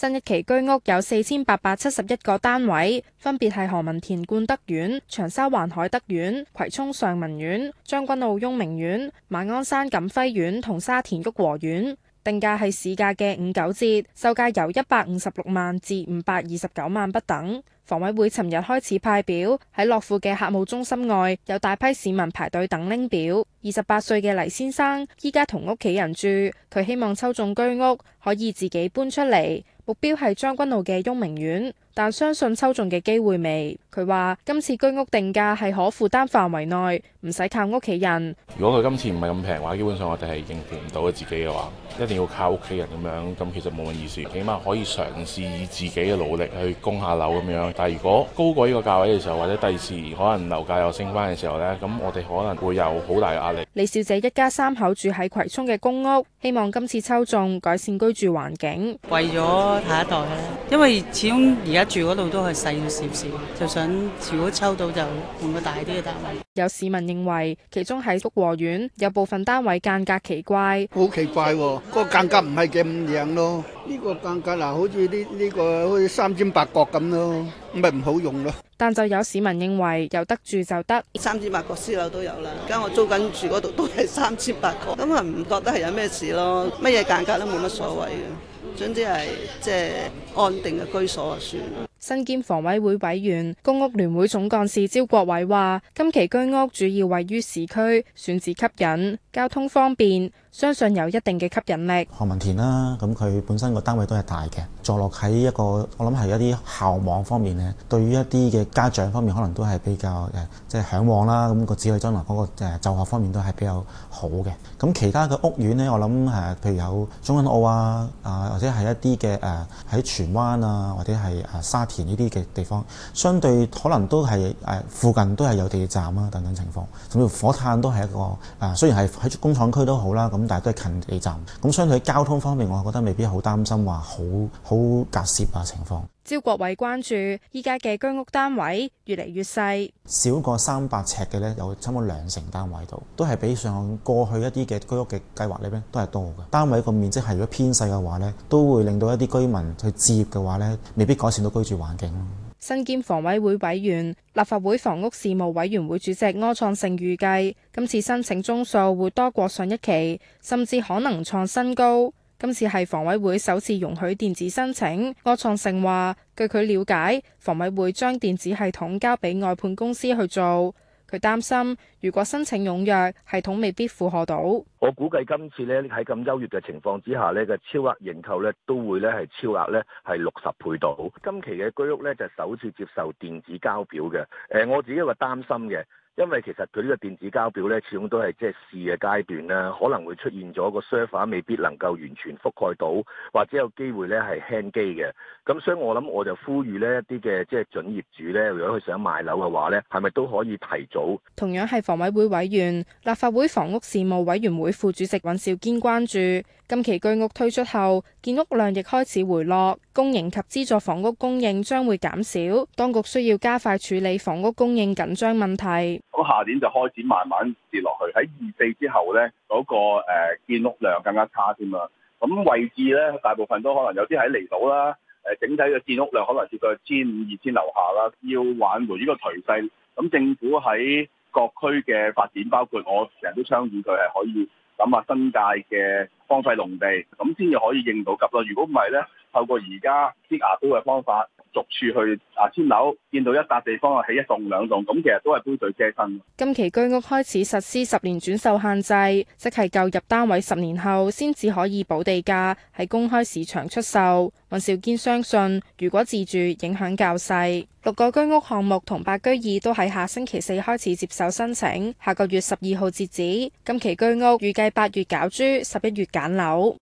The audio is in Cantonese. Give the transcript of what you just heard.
新一期居屋有四千八百七十一個單位，分別係何文田冠德苑、長沙灣海德苑、葵涌上文苑、將軍澳雍明苑、馬鞍山錦輝苑同沙田旭禾苑，定價係市價嘅五九折，售價由一百五十六萬至五百二十九萬不等。房委會尋日開始派表，喺樂富嘅客務中心外有大批市民排隊等拎表。二十八歲嘅黎先生依家同屋企人住，佢希望抽中居屋可以自己搬出嚟。目標係將軍澳嘅雍明苑，但相信抽中嘅機會未。佢話今次居屋定價係可負擔範圍內，唔使靠屋企人。如果佢今次唔係咁平嘅話，基本上我哋係認同唔到佢自己嘅話。一定要靠屋企人咁樣，咁其實冇乜意思，起碼可以嘗試以自己嘅努力去供下樓咁樣。但係如果高過呢個價位嘅時候，或者第時可能樓價又升返嘅時候呢，咁我哋可能會有好大嘅壓力。李小姐一家三口住喺葵涌嘅公屋，希望今次抽中改善居住環境。為咗下一代咧，因為始終而家住嗰度都係細少少，就想如果抽到就換個大啲嘅單位。有市民認為，其中喺福和苑有部分單位間隔奇怪，好奇怪喎、哦！個間隔唔係咁靚咯，呢個間隔嗱，好似呢呢個好似三尖八角咁咯，咪唔好用咯。但就有市民認為有得住就得，三尖八角私樓都有啦，而家我租緊住嗰度都係三尖八角，咁啊唔覺得係有咩事咯，乜嘢間隔都冇乜所謂嘅，總之係即係安定嘅居所就算啦。身兼房委會委員、公屋聯會總幹事招國偉話：今期居屋主要位於市區，選址吸引。交通方便，相信有一定嘅吸引力。何文田啦，咁佢本身個單位都係大嘅，坐落喺一個我諗係一啲校網方面咧，對於一啲嘅家長方面，可能都係比較誒即係向往啦。咁、呃就是那個子女將來嗰個誒就、呃、學方面都係比較好嘅。咁其他嘅屋苑咧，我諗誒，譬如有將軍澳啊，啊或者係一啲嘅誒喺荃灣啊，或者係誒、呃、沙田呢啲嘅地方，相對可能都係誒、呃、附近都係有地鐵站啊等等情況。甚至火炭都係一個誒、呃，雖然係。工廠區好是都好啦，咁但係都係近地站，咁相對交通方面，我覺得未必好擔心話好好隔涉啊，情況。招國偉關注依家嘅居屋單位越嚟越細，少過三百尺嘅呢，有差唔多兩成單位度，都係比上過去一啲嘅居屋嘅計劃裏邊都係多嘅。單位個面積係如果偏細嘅話呢，都會令到一啲居民去置業嘅話呢，未必改善到居住環境。身兼房委會委員、立法會房屋事務委員會主席柯創盛預計，今次申請宗數會多過上一期，甚至可能創新高。今次係房委會首次容許電子申請，柯創盛話，據佢了解，房委會將電子系統交俾外判公司去做。佢擔心，如果申請踴躍，系統未必負荷到。我估計今次咧喺咁優越嘅情況之下咧嘅超額認購咧都會咧係超額咧係六十倍到。今期嘅居屋咧就係、首次接受電子交表嘅。誒、呃，我自己一個擔心嘅。因為其實佢呢個電子交表咧，始終都係即係試嘅階段啦，可能會出現咗個 server 未必能夠完全覆蓋到，或者有機會咧係 hang 機嘅。咁所以我諗，我就呼籲呢一啲嘅即係準業主咧，如果佢想買樓嘅話咧，係咪都可以提早？同樣係房委會委員、立法會房屋事務委員會副主席尹兆堅關注近期居屋推出後。建屋量亦開始回落，公營及資助房屋供應將會減少，當局需要加快處理房屋供應緊張問題。咁下年就開始慢慢跌落去，喺二四之後呢，嗰、那個誒建屋量更加差添啦。咁位置呢，大部分都可能有啲喺離島啦。誒，整體嘅建屋量可能跌到千五、二千樓下啦，要挽回呢個頹勢。咁政府喺各區嘅發展，包括我成日都倡議，佢係可以諗下新界嘅荒廢農地，咁先至可以應到急咯。如果唔係咧，透過而家啲牙膏嘅方法。逐處去啊，簽樓見到一笪地方啊，起一棟兩棟，咁其實都係杯水車薪。今期居屋開始實施十年轉售限制，即係購入單位十年後先至可以補地價，喺公開市場出售。尹兆堅相信，如果自住影響較細。六個居屋項目同白居二都喺下星期四開始接受申請，下個月十二號截止。今期居屋預計八月搞珠，十一月揀樓。